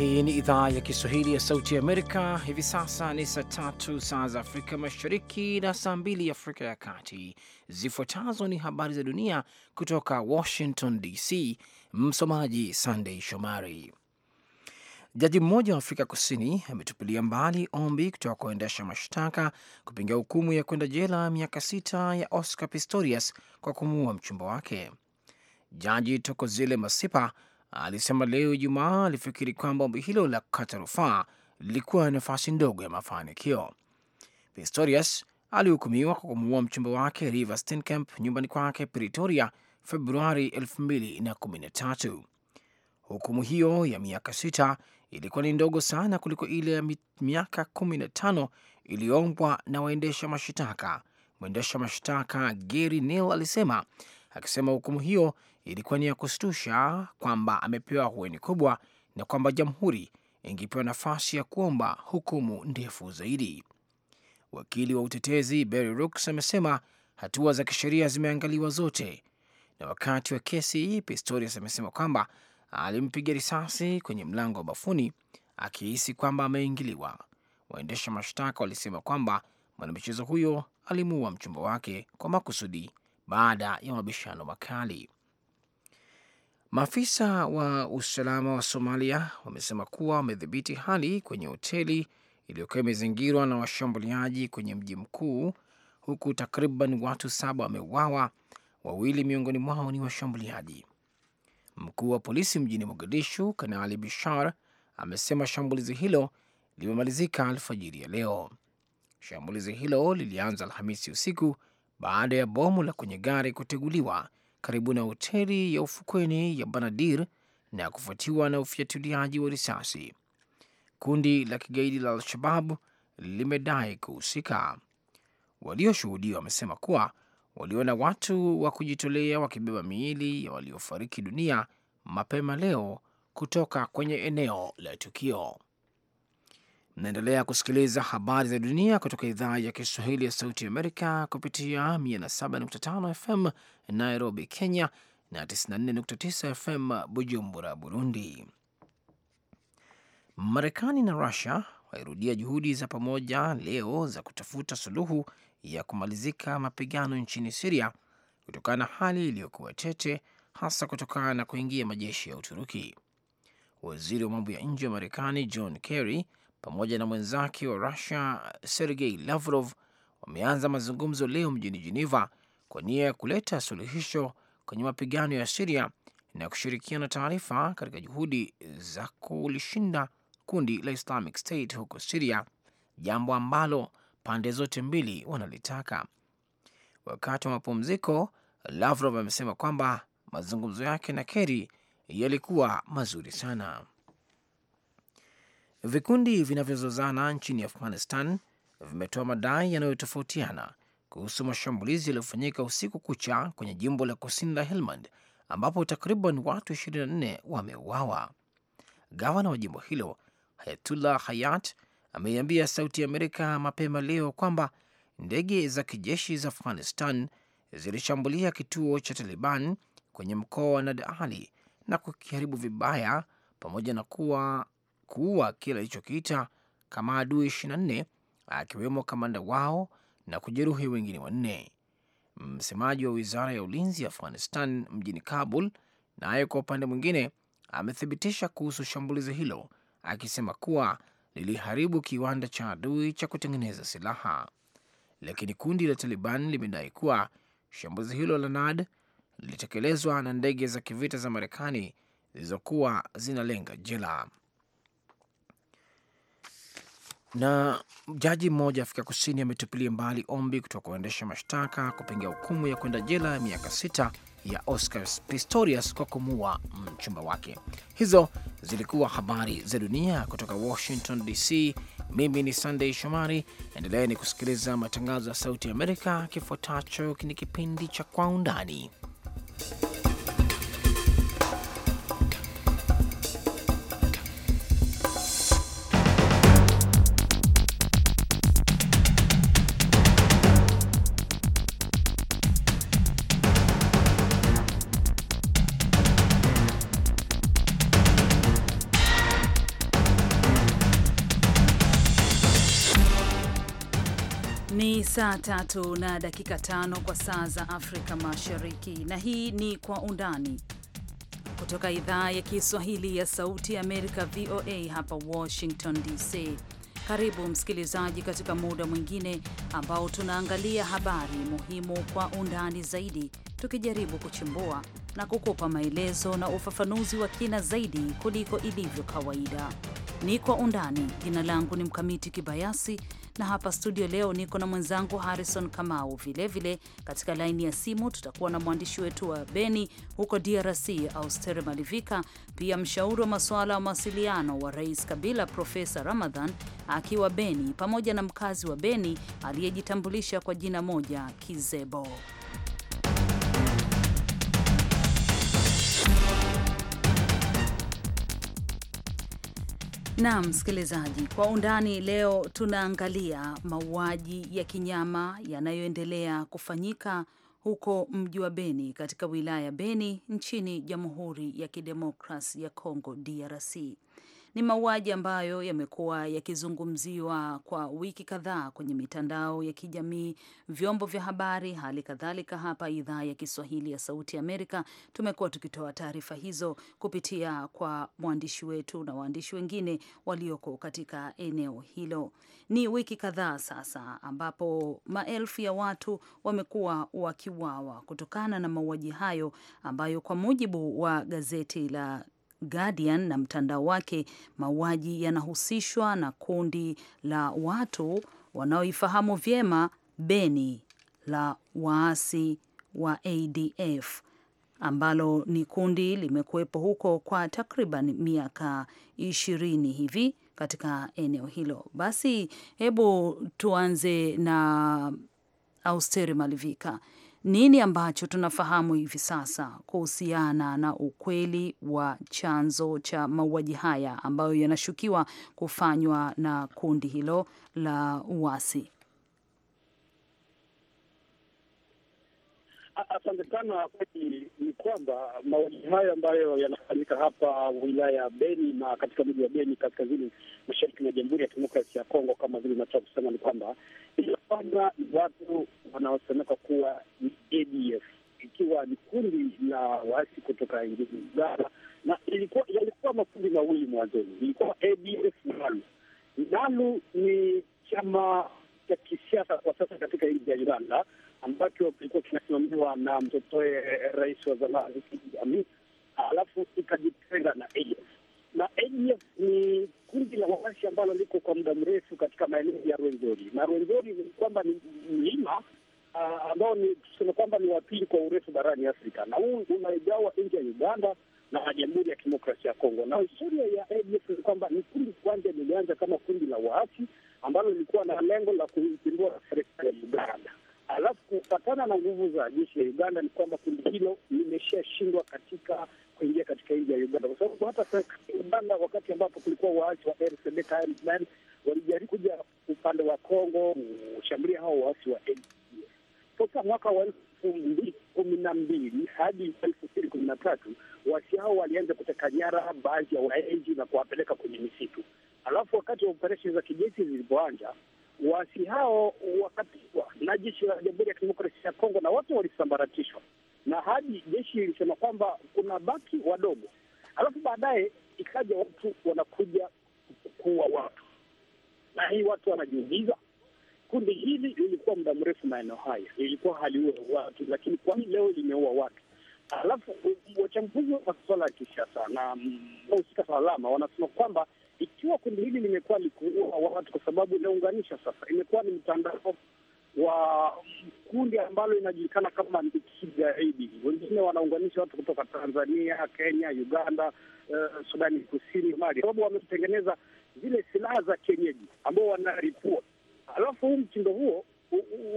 Hii ni idhaa ya Kiswahili ya Sauti Amerika. Hivi sasa ni saa tatu saa za Afrika Mashariki na saa mbili Afrika ya Kati. Zifuatazo ni habari za dunia kutoka Washington DC. Msomaji Sandei Shomari. Jaji mmoja wa Afrika Kusini ametupilia mbali ombi kutoka kuendesha mashtaka kupinga hukumu ya kwenda jela miaka sita ya Oscar Pistorius kwa kumuua mchumba wake. Jaji Tokozile Masipa alisema leo Ijumaa alifikiri kwamba ombi hilo la kukata rufaa lilikuwa na nafasi ndogo ya mafanikio. Pistorius alihukumiwa kwa kumuua mchumba wake Reeva Steenkamp nyumbani kwake Pretoria Februari 2013. Hukumu hiyo ya miaka sita ilikuwa ni ndogo sana kuliko ile ya miaka 15 iliyoombwa na waendesha mashtaka Mwendesha mashtaka Gary Neil alisema akisema hukumu hiyo ilikuwa ni ya kustusha kwamba amepewa hueni kubwa na kwamba jamhuri ingepewa nafasi ya kuomba hukumu ndefu zaidi. Wakili wa utetezi Barry Rooks amesema hatua za kisheria zimeangaliwa zote, na wakati wa kesi Pistorius amesema kwamba alimpiga risasi kwenye mlango wa bafuni akihisi kwamba ameingiliwa. Waendesha mashtaka walisema kwamba mwanamichezo huyo alimuua mchumba wake kwa makusudi baada ya mabishano makali. Maafisa wa usalama wa Somalia wamesema kuwa wamedhibiti hali kwenye hoteli iliyokuwa imezingirwa na washambuliaji kwenye mji mkuu, huku takriban watu saba wameuawa, wawili miongoni mwao ni washambuliaji. Mkuu wa polisi mjini Mogadishu, Kanali Bishar, amesema shambulizi hilo limemalizika alfajiri ya leo. Shambulizi hilo lilianza Alhamisi usiku baada ya bomu la kwenye gari kuteguliwa karibu na hoteli ya ufukweni ya Banadir na kufuatiwa na ufyatuliaji wa risasi. Kundi la kigaidi la Al-Shabab limedai kuhusika. Walioshuhudia wamesema kuwa waliona watu wa kujitolea wakibeba miili ya waliofariki dunia mapema leo kutoka kwenye eneo la tukio. Naendelea kusikiliza habari za dunia kutoka idhaa ya Kiswahili ya Sauti Amerika kupitia 107.5 FM Nairobi, Kenya na 94.9 FM Bujumbura, Burundi. Marekani na Rusia wairudia juhudi za pamoja leo za kutafuta suluhu ya kumalizika mapigano nchini Siria kutokana na hali iliyokuwa tete, hasa kutokana na kuingia majeshi ya Uturuki. Waziri wa mambo ya nje wa Marekani John Kerry pamoja na mwenzake wa rusia Sergei Lavrov wameanza mazungumzo leo mjini jeneva kwa nia ya kuleta suluhisho kwenye mapigano ya Siria na kushirikiana taarifa katika juhudi za kulishinda kundi la Islamic State huko Siria, jambo ambalo pande zote mbili wanalitaka. Wakati wa mapumziko, Lavrov amesema kwamba mazungumzo yake na Kerry yalikuwa mazuri sana. Vikundi vinavyozozana nchini Afghanistan vimetoa madai yanayotofautiana kuhusu mashambulizi yaliyofanyika usiku kucha kwenye jimbo la kusini la Helmand ambapo takriban watu 24 wameuawa. Gavana wa jimbo hilo Hayatullah Hayat ameiambia Sauti ya Amerika mapema leo kwamba ndege za kijeshi za Afghanistan zilishambulia kituo cha Taliban kwenye mkoa wa Nad Ali na kukiharibu vibaya pamoja na kuwa kuua kile alichokiita kama adui 24 akiwemo kamanda wao na kujeruhi wengine wanne. Msemaji wa wizara ya ulinzi ya Afghanistan mjini Kabul naye kwa upande mwingine amethibitisha kuhusu shambulizi hilo akisema kuwa liliharibu kiwanda cha adui cha kutengeneza silaha, lakini kundi la Taliban limedai kuwa shambulizi hilo la Nad lilitekelezwa na ndege za kivita za Marekani zilizokuwa zinalenga jela. Na jaji mmoja Afrika Kusini ametupilia mbali ombi kutoka kwa waendesha mashtaka kupinga hukumu ya kwenda jela ya miaka sita ya Oscar Pistorius kwa kumua mchumba wake. Hizo zilikuwa habari za dunia kutoka Washington DC. Mimi ni Sunday Shomari, endeleeni ni kusikiliza matangazo ya Sauti Amerika. Kifuatacho ni kipindi cha Kwa Undani. Saa tatu na dakika tano kwa saa za Afrika Mashariki, na hii ni Kwa Undani kutoka idhaa ya Kiswahili ya Sauti ya Amerika, VOA hapa Washington DC. Karibu msikilizaji, katika muda mwingine ambao tunaangalia habari muhimu kwa undani zaidi, tukijaribu kuchimbua na kukupa maelezo na ufafanuzi wa kina zaidi kuliko ilivyo kawaida. Ni Kwa Undani. Jina langu ni Mkamiti Kibayasi na hapa studio leo niko na mwenzangu Harrison Kamau. Vilevile katika laini ya simu tutakuwa na mwandishi wetu wa Beni huko DRC, Austere Malivika, pia mshauri wa masuala ya mawasiliano wa Rais Kabila Profesa Ramadhan akiwa Beni, pamoja na mkazi wa Beni aliyejitambulisha kwa jina moja Kizebo. Na msikilizaji, kwa undani leo tunaangalia mauaji ya kinyama yanayoendelea kufanyika huko mji wa Beni katika wilaya ya Beni nchini Jamhuri ya Kidemokrasi ya congo DRC. Ni mauaji ambayo yamekuwa yakizungumziwa kwa wiki kadhaa kwenye mitandao ya kijamii, vyombo vya habari, hali kadhalika hapa idhaa ya Kiswahili ya Sauti Amerika tumekuwa tukitoa taarifa hizo kupitia kwa mwandishi wetu na waandishi wengine walioko katika eneo hilo. Ni wiki kadhaa sasa ambapo maelfu ya watu wamekuwa wakiuawa kutokana na mauaji hayo ambayo kwa mujibu wa gazeti la Guardian na mtandao wake, mauaji yanahusishwa na kundi la watu wanaoifahamu vyema Beni la waasi wa ADF ambalo ni kundi limekuwepo huko kwa takriban miaka ishirini hivi katika eneo hilo. Basi hebu tuanze na Austeri Malivika nini ambacho tunafahamu hivi sasa kuhusiana na ukweli wa chanzo cha mauaji haya ambayo yanashukiwa kufanywa na kundi hilo la uasi? Asante sana. Kweli ni kwamba mauaji hayo ambayo yanafanyika hapa wilaya ya Beni na katika mji wa Beni kaskazini mashariki mwa Jamhuri ya Kidemokrasia ya Kongo, kama vile nachoa kusema ni kwamba kwamba watu wanaosemeka kuwa ni ADF ikiwa ni kundi la waasi kutoka nchini Uganda, na ilikuwa yalikuwa makundi mawili mwanzoni, ilikuwa ADF na NALU. NALU ni chama cha kisiasa kwa sasa katika nchi ya Uganda ambacho kilikuwa kinasimamiwa na mtotoe rais wa zamani Amin, alafu ikajitenga na ADF na ADF e ni kundi la waasi ambalo liko kwa muda mrefu katika maeneo ya Rwenzori, na Rwenzori ni kwamba ni mlima ah, ambao ni tuseme kwamba ni wapili kwa urefu barani Afrika, na huu unaigawa nje ya Uganda na Jamhuri ya Kidemokrasia ya Kongo. Na historia ya ADF e ni kwamba ni kundi kwanza lilianza kama kundi la waasi ambalo lilikuwa na lengo la kuipindua serikali ya Uganda Alafu kufatana na nguvu za jeshi la Uganda ni kwamba kundi hilo limeshashindwa katika kuingia katika nchi ya Uganda, kwa sababu hata Uganda wakati ambapo kulikuwa waasi wa RCD walijaribu kuja upande wa Kongo kushambulia hao waasi wa toka mwaka wa elfu mbili kumi na mbili hadi elfu mbili kumi na tatu waasi hao walianza kuteka nyara baadhi ya waenji na kuwapeleka kwenye misitu. Alafu wakati wa operesheni za kijeshi zilipoanja waasi hao wakapigwa na jeshi la Jamhuri ya Kidemokrasia ya Kongo na watu walisambaratishwa, na hadi jeshi ilisema kwamba kuna baki wadogo, alafu baadaye ikaja watu wanakuja kuua watu, na hii watu wanajiumiza. Kundi hili lilikuwa muda mrefu maeneo haya lilikuwa haliua watu, lakini kwani leo limeua watu? Alafu wachambuzi wa masuala ya kisiasa na mm, wahusika salama wanasema kwamba ikiwa kundi hili limekuwa likuua watu, kwa sababu inaunganisha sasa, imekuwa ni mtandao wa kundi ambalo inajulikana kama kigaidi. Wengine wanaunganisha watu kutoka Tanzania, Kenya, Uganda, uh, Sudani Kusini, Mali, sababu wametengeneza zile silaha za kienyeji ambao wanaripua. Alafu huu mtindo huo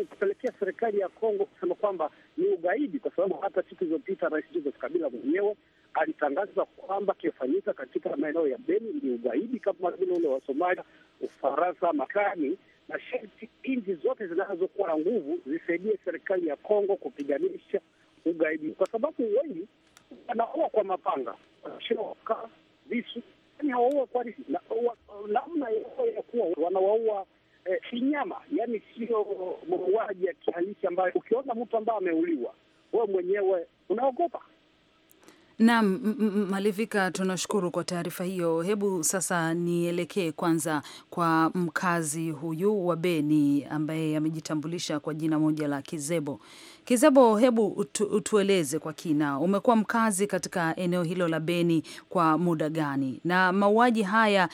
ukupelekea serikali ya Kongo kusema kwamba ni ugaidi, kwa sababu hata siku ilizopita Rais Joseph Kabila mwenyewe alitangaza kwamba kifanyika katika maeneo ya Beni ni ugaidi kama vile ule wa Somalia, Ufaransa, Marekani, na sharti nchi zote zinazokuwa na nguvu zisaidie serikali ya Kongo kupiganisha ugaidi, kwa sababu wengi wanaua kwa mapanga, shoka, visu, yani hawaua kwa namna ya kuwa wanawaua eh, kinyama, yani sio mauaji ya kihalisi ambayo ukiona mtu ambaye ameuliwa wewe mwenyewe unaogopa. Naam, Malivika, tunashukuru kwa taarifa hiyo. Hebu sasa nielekee kwanza kwa mkazi huyu wa Beni ambaye amejitambulisha kwa jina moja la Kizebo. Kizabo, hebu utu, utueleze kwa kina, umekuwa mkazi katika eneo hilo la Beni kwa muda gani, na mauaji haya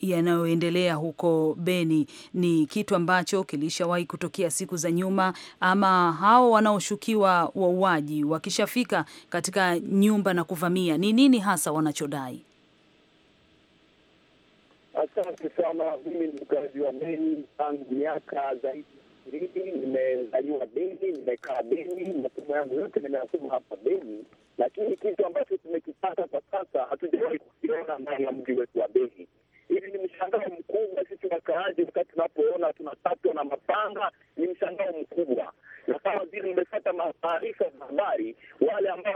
yanayoendelea huko Beni ni kitu ambacho kilishawahi kutokea siku za nyuma, ama hao wanaoshukiwa wauaji wakishafika katika nyumba na kuvamia, ni nini hasa wanachodai? Asante sana. Mimi ni mkazi wa Beni tangu miaka zaidi mimi nimezaliwa Beni, nimekaa Beni, masomo yangu yote nimeyasoma hapa Beni, lakini kitu ambacho tumekipata kwa sasa hatujawahi kukiona ndani ya mji wetu wa Beni hivi ni mshangao mkubwa sisi wakaaji, wakati tunapoona tunapatwa na mapanga, ni mshangao mkubwa. Na kama vile mmepata maarifa za habari, wale ambao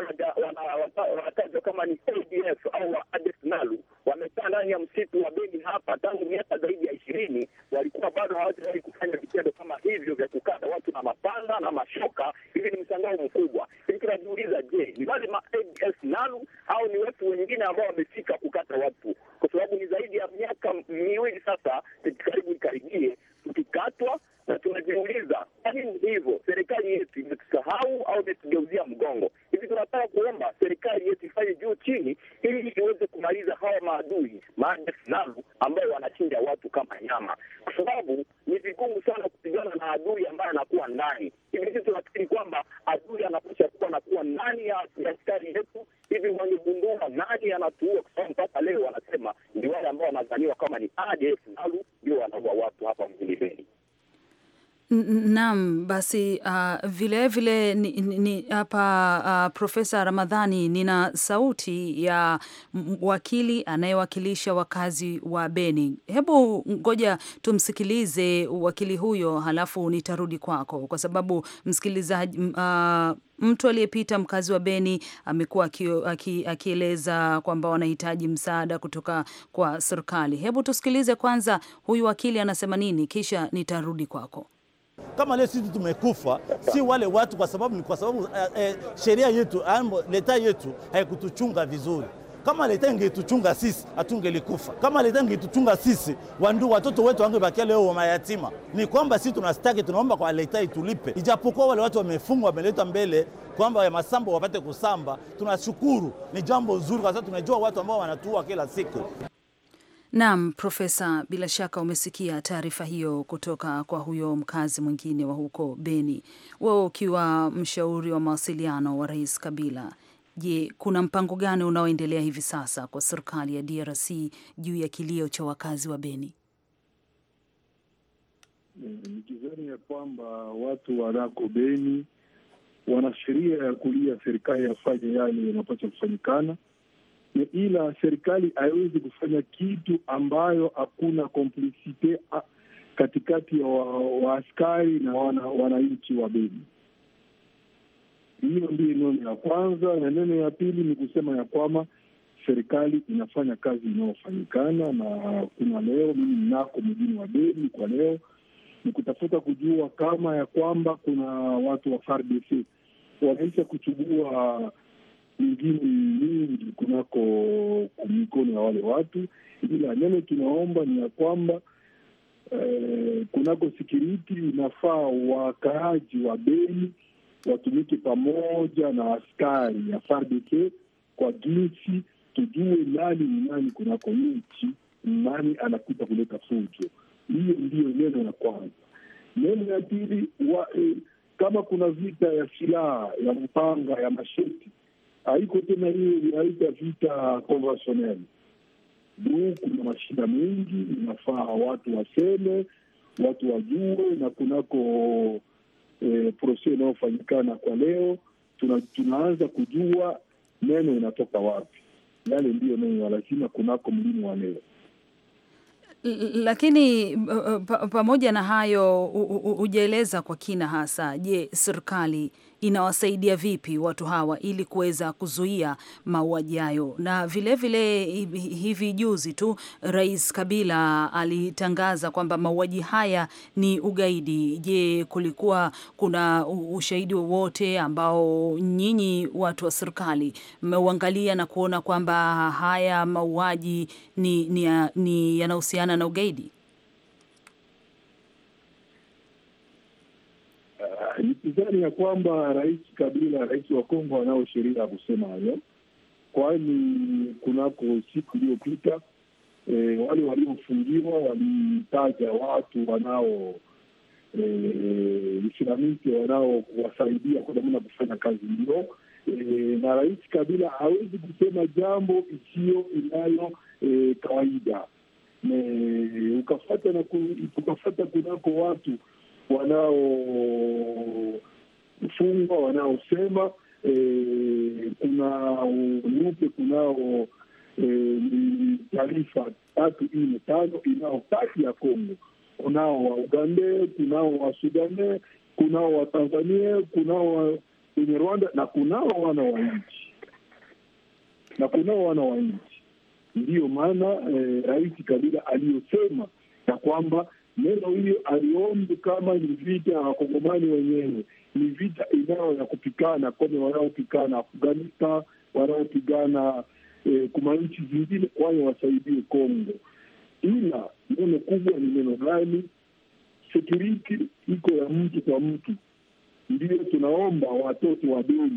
wanatajwa kama ni ADF au ADF Nalu wamekaa ndani ya msitu wa Beni hapa tangu miaka zaidi ya ishirini, walikuwa bado hawajawahi kufanya vitendo kama hivyo vya kukata watu na mapanga na mashoka. Hivi ni mshangao mkubwa. Hivi tunajiuliza, je, ni wale ma ADF Nalu au ni watu wengine ambao wamefika kukata watu, kwa sababu ni zaidi ya miaka miwili sasa karibu ikaribie tukikatwa na tunajiuliza kwa nini hivyo, serikali yetu imetusahau au imetugeuzia mgongo? Hivi tunataka kuomba serikali yetu ifanye juu chini, ili iweze kumaliza hawa maadui maana Islamu ambayo wanachinja watu kama nyama, kwa sababu ni vigumu sana kupigana na adui ambaye anakuwa ndani. Hivi sisi tunafikiri kwamba adui anapasha kuwa anakuwa ndani ya askari yetu, hivi wangegundua nani anatuua, kwa sababu mpaka leo wanasema ni wale ambao wanadhaniwa kama ni ADF ndio Naam, basi uh, vile vile ni hapa uh, ah, Profesa Ramadhani, nina sauti ya wakili anayewakilisha wakazi wa Beni. Hebu ngoja tumsikilize wakili huyo, halafu nitarudi kwako kwa sababu msikilizaji uh, mtu aliyepita mkazi wa Beni amekuwa akieleza kwamba wanahitaji msaada kutoka kwa serikali. Hebu tusikilize kwanza huyu wakili anasema nini, kisha nitarudi kwako. Kama leo sisi tumekufa, si wale watu, kwa sababu ni kwa sababu eh, eh sheria yetu leta yetu haikutuchunga vizuri. Kama leta ingetuchunga sisi hatungelikufa. Kama leta ingetuchunga sisi wandu watoto wetu wangebakia leo mayatima. Ni kwamba sisi tunastaki, tunaomba kwa leta itulipe, ijapokuwa wale watu wamefungwa, wameletwa mbele kwamba ya masamba wapate kusamba. Tunashukuru, ni jambo zuri, kwa sababu tunajua watu ambao wanatua kila siku. Naam, Profesa, bila shaka umesikia taarifa hiyo kutoka kwa huyo mkazi mwingine wa huko Beni. Wewe ukiwa mshauri wa mawasiliano wa Rais Kabila, je, kuna mpango gani unaoendelea hivi sasa kwa serikali ya DRC juu ya kilio cha wakazi wa Beni? Nikizani ya kwamba watu wanako Beni wanasheria ya kulia serikali yafanye yale yanapaswa kufanyikana na ila serikali haiwezi kufanya kitu ambayo hakuna komplisite katikati ya waaskari na wananchi wana wa Beni. Hiyo ndiyo neno ya kwanza, na neno ya pili ni kusema ya kwamba serikali inafanya kazi inayofanyikana, na kuna leo mimi ninako mjini wa Beni kwa leo ni kutafuta kujua kama ya kwamba kuna watu wa FARDC wanaisha kuchugua mingine mingi kunako mikono ya wale watu, ila neno tunaomba ni ya kwamba eh, kunako sikiriti inafaa wakaaji wa Beni watumike pamoja na askari ya FARDC kwa jinsi tujue nani ni nani kunako nchi, nani anakuja kuleta fujo. Hiyo ndiyo neno la kwanza. Neno ya pili wa, eh, kama kuna vita ya silaha ya mpanga ya masheti haiko tena hiyo inaita vita conventionnel. du. kuna mashida mengi, inafaa watu waseme, watu wajue, na kunako eh, proses inayofanyikana kwa leo tuna, tunaanza kujua neno inatoka wapi. Yale ndiyo neno ya lazima kunako mlimu wa leo lakini eh, eh, pamoja na hayo, hujaeleza kwa kina hasa. Je, serikali inawasaidia vipi watu hawa ili kuweza kuzuia mauaji hayo. Na vilevile vile, hivi juzi tu Rais Kabila alitangaza kwamba mauaji haya ni ugaidi. Je, kulikuwa kuna ushahidi wowote ambao nyinyi watu wa serikali mmeuangalia na kuona kwamba haya mauaji ni, ni, ni yanahusiana na ugaidi? Nikizani ya kwamba Rais Kabila, rais wa Kongo, anao sheria ya kusema hayo, kwani kunako siku iliyopita e, wale waliofungiwa walitaja watu wanao islamiki e, wanaowasaidia kwa namna kufanya kazi hiyo e, na Rais Kabila hawezi kusema jambo isiyo inayo e, kawaida e, ukafata na ku, ukafata kunako watu wanaofungwa wanaosema e, kuna nyupe kunao e, taarifa tatu nne tano inao kati ya Kongo, kunao wa uganda kunao wa Sudane, kunao wa Tanzania, kunao wenye Rwanda na kunao wana wa nchi na kunao wana wa nchi. Ndiyo maana e, Rais Kabila aliyosema ya kwamba Neno hiyo aliombi kama ni vita ya wakongomani wenyewe, ni vita inayo ya kupigana kone wanaopigana Afghanistan, wanaopigana eh, kuma nchi zingine, kwayo wasaidie Kongo. Ila neno kubwa ni neno gani? Sekuriti iko ya mtu kwa mtu. Ndiyo tunaomba watoto wadogo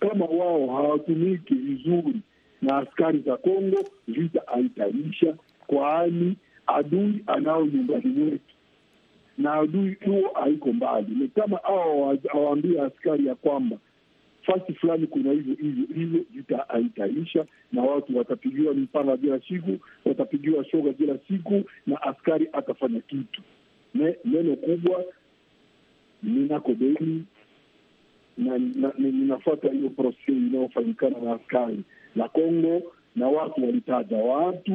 kama wao hawatumiki vizuri na askari za Kongo, vita haitaisha, kwani adui anao nyumbani mwetu, na adui huo haiko mbali. Ni kama awa awaambia askari ya kwamba fasi fulani kuna hivyo hivyo hivyo, vita haitaisha, na watu watapigiwa mipanga kila siku, watapigiwa shoga kila siku, na askari atafanya kitu ne, neno kubwa ninako Beni na, na, ninafata hiyo prose inayofanyikana na askari la Kongo na watu walitaja watu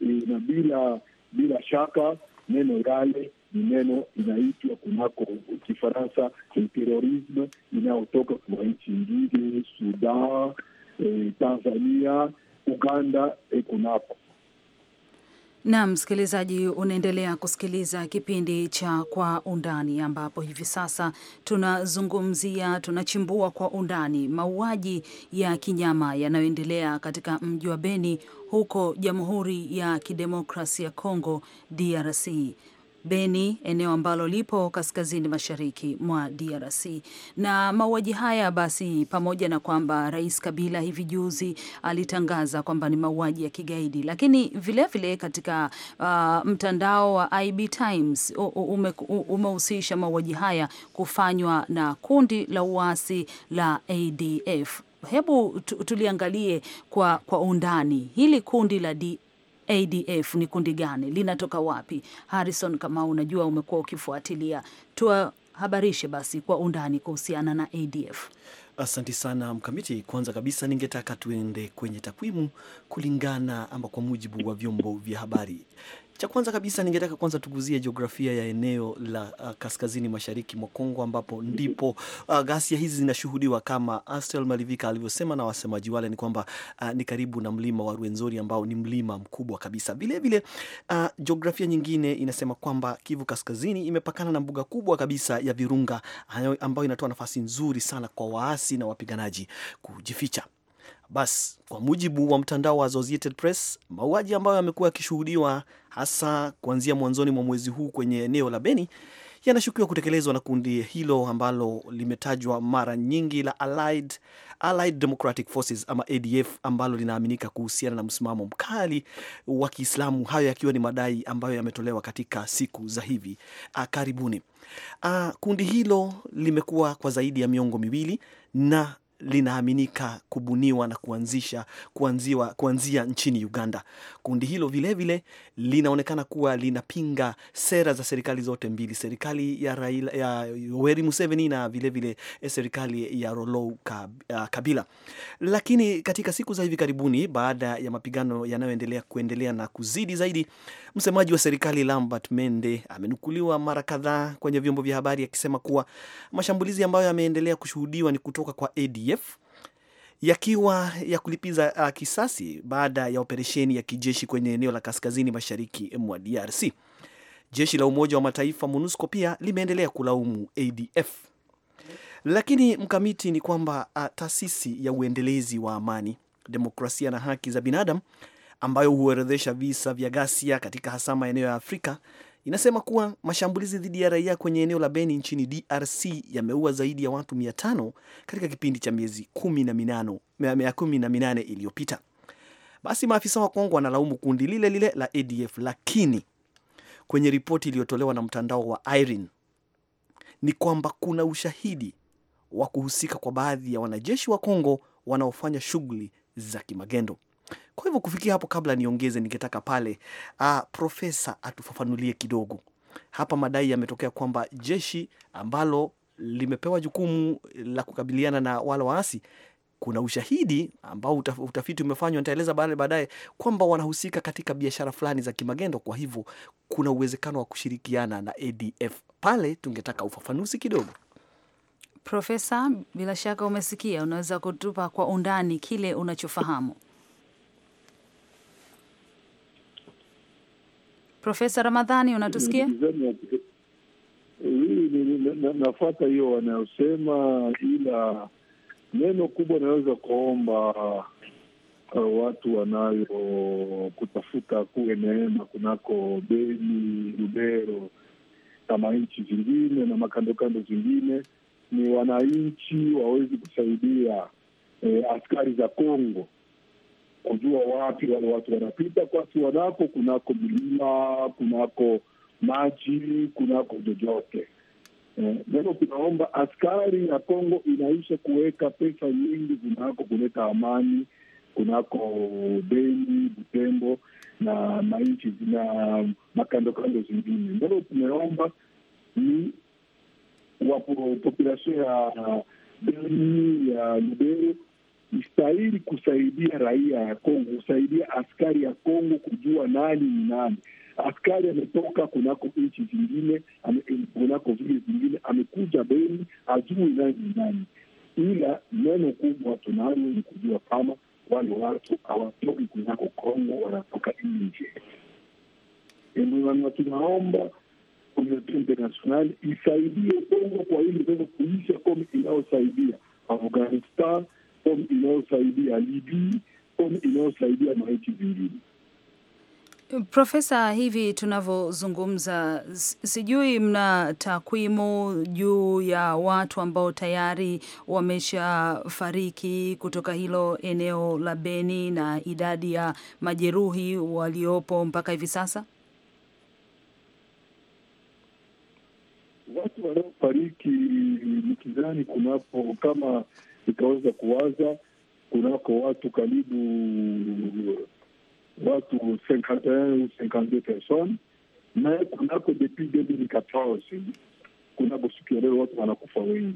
e, na bila bila shaka neno yale ni neno inaitwa kunako Kifaransa terorisme inayotoka kwa nchi nyingine Sudan, eh, Tanzania, Uganda, eh, kunako na msikilizaji, unaendelea kusikiliza kipindi cha Kwa Undani, ambapo hivi sasa tunazungumzia, tunachimbua kwa undani mauaji ya kinyama yanayoendelea katika mji wa Beni huko Jamhuri ya Kidemokrasia ya Kongo, DRC, Beni, eneo ambalo lipo kaskazini mashariki mwa DRC. Na mauaji haya basi, pamoja na kwamba Rais Kabila hivi juzi alitangaza kwamba ni mauaji ya kigaidi, lakini vilevile vile katika uh, mtandao wa IB Times umehusisha mauaji haya kufanywa na kundi la uasi la ADF. Hebu tuliangalie kwa, kwa undani hili kundi la D, ADF ni kundi gani, linatoka wapi? Harrison, kama unajua umekuwa ukifuatilia, tuwahabarishe basi kwa undani kuhusiana na ADF. asanti sana Mkamiti. Kwanza kabisa, ningetaka tuende kwenye takwimu kulingana ama kwa mujibu wa vyombo vya habari cha kwanza kabisa ningetaka kwanza tuguzie jiografia ya eneo la uh, kaskazini mashariki mwa Kongo ambapo ndipo uh, ghasia hizi zinashuhudiwa kama Astel Malivika alivyosema na wasemaji wale ni kwamba uh, ni karibu na mlima wa Rwenzori ambao ni mlima mkubwa kabisa. Vilevile uh, jiografia nyingine inasema kwamba Kivu kaskazini imepakana na mbuga kubwa kabisa ya Virunga ambayo inatoa nafasi nzuri sana kwa waasi na wapiganaji kujificha. Basi kwa mujibu wa mtandao wa Associated Press, mauaji ambayo yamekuwa yakishuhudiwa hasa kuanzia mwanzoni mwa mwezi huu kwenye eneo la Beni yanashukiwa kutekelezwa na kundi hilo ambalo limetajwa mara nyingi la Allied, Allied Democratic Forces ama ADF ambalo linaaminika kuhusiana na msimamo mkali wa Kiislamu, hayo yakiwa ni madai ambayo yametolewa katika siku za hivi ah, karibuni. Ah, kundi hilo limekuwa kwa zaidi ya miongo miwili na linaaminika kubuniwa na kuanzisha kuanziwa, kuanzia nchini Uganda. Kundi hilo vilevile linaonekana kuwa linapinga sera za serikali zote mbili, serikali ya Raila, ya Yoweri Museveni na vilevile eh, serikali ya Rolou eh, Kabila. Lakini katika siku za hivi karibuni, baada ya mapigano yanayoendelea kuendelea na kuzidi zaidi, msemaji wa serikali Lambert Mende amenukuliwa mara kadhaa kwenye vyombo vya habari akisema kuwa mashambulizi ambayo yameendelea kushuhudiwa ni kutoka kwa ADF RSF yakiwa ya kulipiza ah, kisasi baada ya operesheni ya kijeshi kwenye eneo la kaskazini mashariki mwa DRC. Jeshi la Umoja wa Mataifa MONUSCO pia limeendelea kulaumu ADF. Lakini mkamiti ni kwamba ah, taasisi ya uendelezi wa amani, demokrasia na haki za binadamu ambayo huorodhesha visa vya ghasia katika hasa maeneo ya Afrika inasema kuwa mashambulizi dhidi ya raia kwenye eneo la Beni nchini DRC yameua zaidi ya watu 5 katika kipindi cha miezi kumi na minano, mia kumi na minane iliyopita. Basi maafisa wa Kongo wanalaumu kundi lile lile la ADF, lakini kwenye ripoti iliyotolewa na mtandao wa IRIN ni kwamba kuna ushahidi wa kuhusika kwa baadhi ya wanajeshi wa Kongo wanaofanya shughuli za kimagendo. Kwa hivyo kufikia hapo, kabla niongeze, ningetaka pale uh, profesa atufafanulie kidogo hapa. Madai yametokea kwamba jeshi ambalo limepewa jukumu la kukabiliana na wale waasi kuna ushahidi ambao utafiti umefanywa, nitaeleza baadaye, kwamba wanahusika katika biashara fulani za kimagendo. Kwa hivyo kuna uwezekano wa kushirikiana na ADF pale. Tungetaka ufafanuzi kidogo, Profesa. Bila shaka umesikia, unaweza kutupa kwa undani kile unachofahamu. Profesa Ramadhani, unatusikia? Nafuata hiyo wanayosema, ila neno kubwa naweza kuomba uh, watu wanayokutafuta kuwe neema kunako Beni, Lubero na manchi zingine na makandokando zingine ni wananchi wawezi kusaidia eh, askari za Kongo kujua wapi wale watu wanapita, kwasi wanako kunako milima, kunako maji, kunako jojote neno eh, tunaomba askari ya Kongo inaisha kuweka pesa nyingi kunako kuleta amani kunako Beni, Butembo na manchi na makandokando zingine. Neno tumeomba ni wapo ya Beni ya Lubero istahili kusaidia raia ya Kongo, kusaidia askari ya Kongo kujua nani ni nani. Askari ametoka kunako nchi zingine, kunako vile zingine, amekuja Beni ajui nani ni nani, ila neno kubwa tunalo ni kujua kama wale watu hawatoki kunako Kongo, wanatoka nje. Tunaomba community isaidie Kongo kwa ili iweze kuisha kome inayosaidia Afghanistan fomu inayosaidia Libii, fomu inayosaidia maiti vingine. Profesa, hivi tunavyozungumza, sijui mna takwimu juu ya watu ambao tayari wameshafariki kutoka hilo eneo la Beni na idadi ya majeruhi waliopo mpaka hivi sasa? Watu wanaofariki nikidhani kunapo kama ikaweza kuwaza kunako watu karibu watu 51 52 na kunako depuis 2014 kunako siku ya leo watu wanakufa wengi,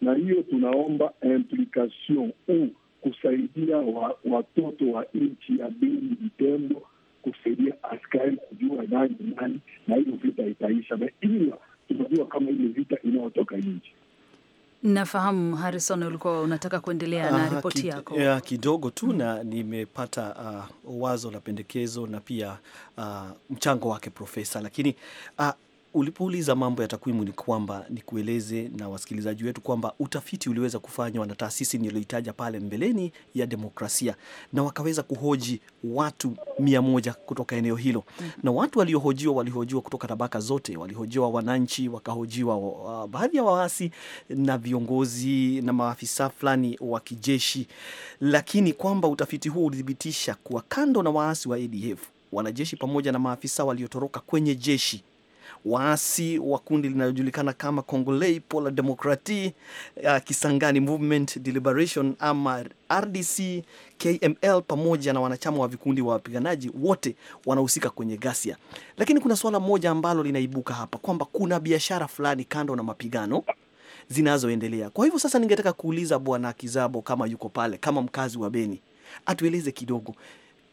na hiyo tunaomba implication u kusaidia wa, watoto wa nchi ya Beni Vitembo, kusaidia askari kujua nani nani, na hiyo vita itaisha. Na ila tunajua kama ile vita inayotoka nji Nafahamu Harrison, ulikuwa unataka kuendelea na ah, ripoti yako ya kidogo tu, mm. na nimepata uh, wazo la pendekezo na pia uh, mchango wake profesa, lakini uh, ulipouliza mambo ya takwimu, ni kwamba ni kueleze na wasikilizaji wetu kwamba utafiti uliweza kufanywa na taasisi niliyoitaja pale mbeleni ya demokrasia, na wakaweza kuhoji watu mia moja kutoka eneo hilo mm -hmm. na watu waliohojiwa walihojiwa kutoka tabaka zote, walihojiwa wananchi, wakahojiwa uh, baadhi ya waasi na viongozi na maafisa fulani wa kijeshi, lakini kwamba utafiti huo ulithibitisha kuwa kando na waasi wa ADF wanajeshi pamoja na maafisa waliotoroka kwenye jeshi waasi wa kundi linalojulikana kama Congolais Pola Demokrati uh, Kisangani Movement Deliberation ama RDC KML pamoja na wanachama wa vikundi wa wapiganaji wote wanahusika kwenye ghasia. Lakini kuna suala moja ambalo linaibuka hapa kwamba kuna biashara fulani kando na mapigano zinazoendelea. Kwa hivyo sasa, ningetaka kuuliza Bwana Kizabo kama yuko pale, kama mkazi wa Beni, atueleze kidogo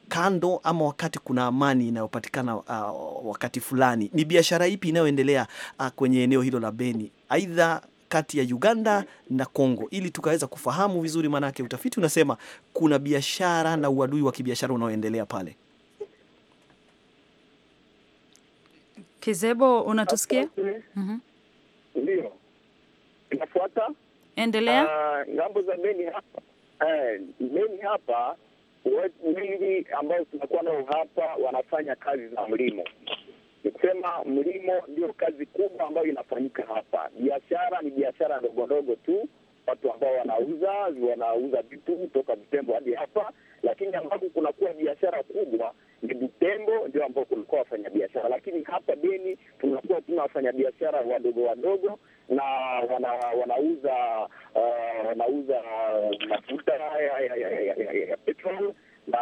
kando ama wakati kuna amani inayopatikana uh, wakati fulani, ni biashara ipi inayoendelea uh, kwenye eneo hilo la Beni aidha kati ya Uganda na Kongo ili tukaweza kufahamu vizuri, maanake utafiti unasema kuna biashara na uadui wa kibiashara unaoendelea pale. Kizebo, unatusikia? mm -hmm. Ndio, inafuata endelea. Uh, ngambo za Beni hapa, uh, Beni hapa wengi ambao tunakuwa nao hapa wanafanya kazi za mlimo. Ni kusema mlimo ndio kazi kubwa ambayo inafanyika hapa. Biashara ni biashara ndogo ndogo tu, watu ambao wanauza wanauza vitu kutoka Butembo hadi hapa, lakini ambako kunakuwa biashara kubwa ni Butembo ndio ambao kulikuwa wafanyabiashara, lakini hapa Beni tunakuwa tuna wafanyabiashara wadogo wadogo na wana, wanauza uh, wanauza uh, mafuta ya petrol na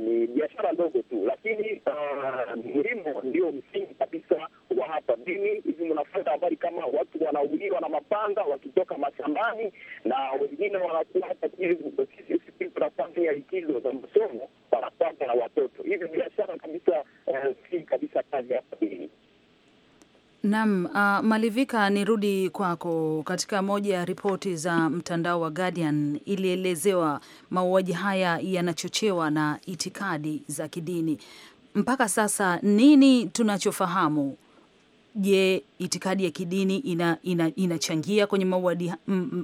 ni biashara ndogo tu, lakini uh, ndio msingi kabisa wa hapa Mimi hivi. Mnafuata habari kama watu wanauliwa na mapanga wakitoka mashambani, na wengine wanakuwa hata tunafanya likizo za masomo wanapata na watoto. Hivi biashara kabisa, msingi eh, kabisa kazi hapa mimi Naam, uh, Malivika, nirudi kwako. Katika moja ya ripoti za mtandao wa Guardian ilielezewa mauaji haya yanachochewa na itikadi za kidini. Mpaka sasa nini tunachofahamu? Je, itikadi ya kidini ina, ina, inachangia kwenye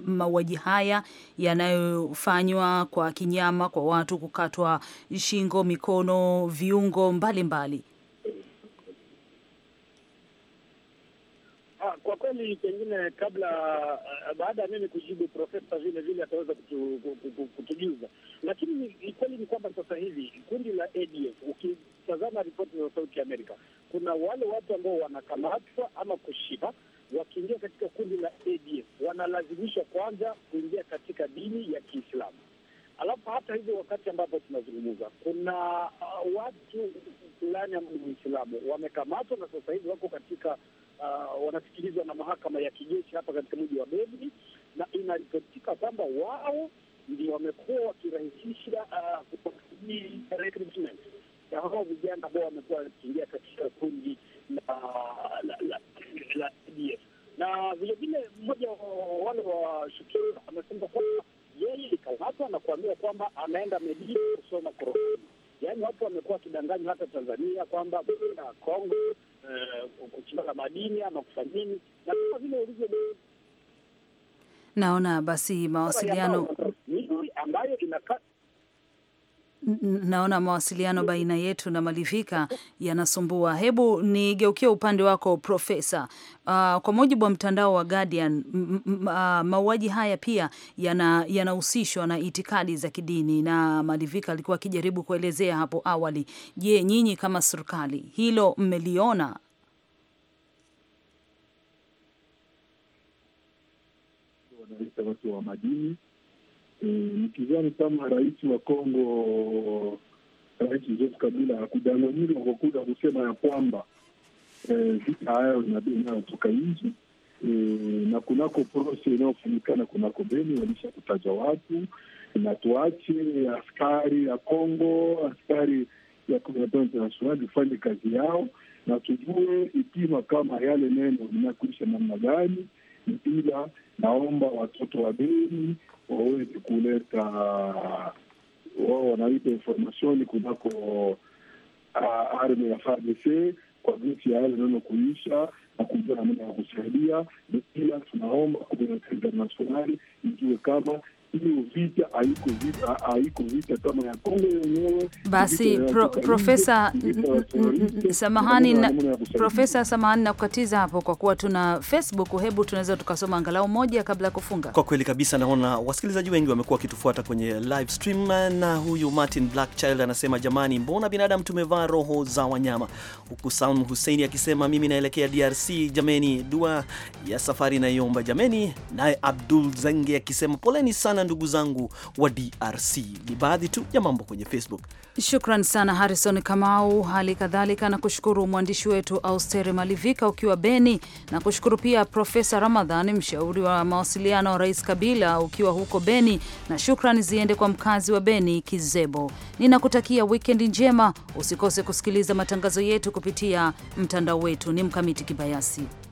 mauaji haya yanayofanywa kwa kinyama, kwa watu kukatwa shingo, mikono, viungo mbalimbali mbali. Ah, kwa kweli pengine kabla ah, baada ya mimi kujibu profesa vile vile ataweza kutu, kutu, kutujuza, lakini kweli ni kwamba sasa hivi kundi la ADF ukitazama ripoti za Sauti Amerika, kuna wale watu ambao wanakamatwa ama kushiba wakiingia katika kundi la ADF wanalazimishwa kwanza kuingia katika dini ya Kiislamu. Alafu hata hivyo, wakati ambapo tunazungumza, kuna ah, watu fulani ambao ni Waislamu wamekamatwa na sasa hivi wako katika uh, wanasikilizwa na mahakama ya kijeshi hapa katika mji wa Beni, na inaripotika kwamba wao ndio wamekuwa wakirahisisha uh, recruitment ya hao vijana ambao wamekuwa wakiingia katika kundi la ADF. Na vilevile mmoja wa wale washukiwa amesema kwamba yeye ikamatwa na kuambiwa kwamba anaenda Medina kusoma Qurani. Yaani watu wamekuwa wakidanganywa hata Tanzania kwamba na Kongo eh, kuchimba madini ama kufanya nini na kama vile ulivyo naona basi mawasiliano ambayo inakaa naona mawasiliano baina yetu na Malivika yanasumbua. Hebu nigeukie upande wako Profesa. Uh, kwa mujibu wa mtandao wa Guardian, ah, mauaji haya pia yanahusishwa yana na itikadi za kidini, na Malivika alikuwa akijaribu kuelezea hapo awali. Je, nyinyi kama serikali hilo mmeliona? wanaita watu wa madini nikizani mm, kama rais wa Kongo, Rais Joseph Kabila hakudanganyika kwa kuja kusema ya kwamba eh, vita hayo inayotoka nje eh, na kunako prose inayofanyikana kunako Beni walisha kutaja watu na tuache askari ya Kongo, askari ya internationali ifanye kazi yao, na tujue ipima kama yale neno inakuisha namna gani. Ila naomba watoto wa Beni wawezi kuleta wao wanaita informasioni kunako uh, ah, arme ya FARDC kwa jinsi ya yale neno kuisha na kujua namna ya kusaidia, ila tunaomba komuniti internasionali ijue kama hiyo vita haiko vita, haiko vita kama ya Kongo yenyewe. Basi mm, mm, mm, profesa samahani na, profesa samahani nakukatiza hapo kwa kuwa tuna Facebook, hebu tunaweza tukasoma angalau moja kabla ya kufunga. Kwa kweli kabisa, naona wasikilizaji wengi wamekuwa wakitufuata kwenye live stream, na huyu Martin Blackchild anasema jamani, mbona binadamu tumevaa roho za wanyama, huku Salm huseini akisema mimi naelekea DRC jameni, dua ya safari naiomba jameni, naye Abdul Zenge akisema poleni sana ndugu zangu wa DRC. Ni baadhi tu ya mambo kwenye Facebook. Shukran sana Harrison Kamau, hali kadhalika na kushukuru mwandishi wetu Austere Malivika ukiwa Beni, na kushukuru pia Profesa Ramadhan, mshauri wa mawasiliano wa Rais Kabila ukiwa huko Beni, na shukrani ziende kwa mkazi wa Beni Kizebo. Ninakutakia wikendi njema, usikose kusikiliza matangazo yetu kupitia mtandao wetu. Ni Mkamiti Kibayasi.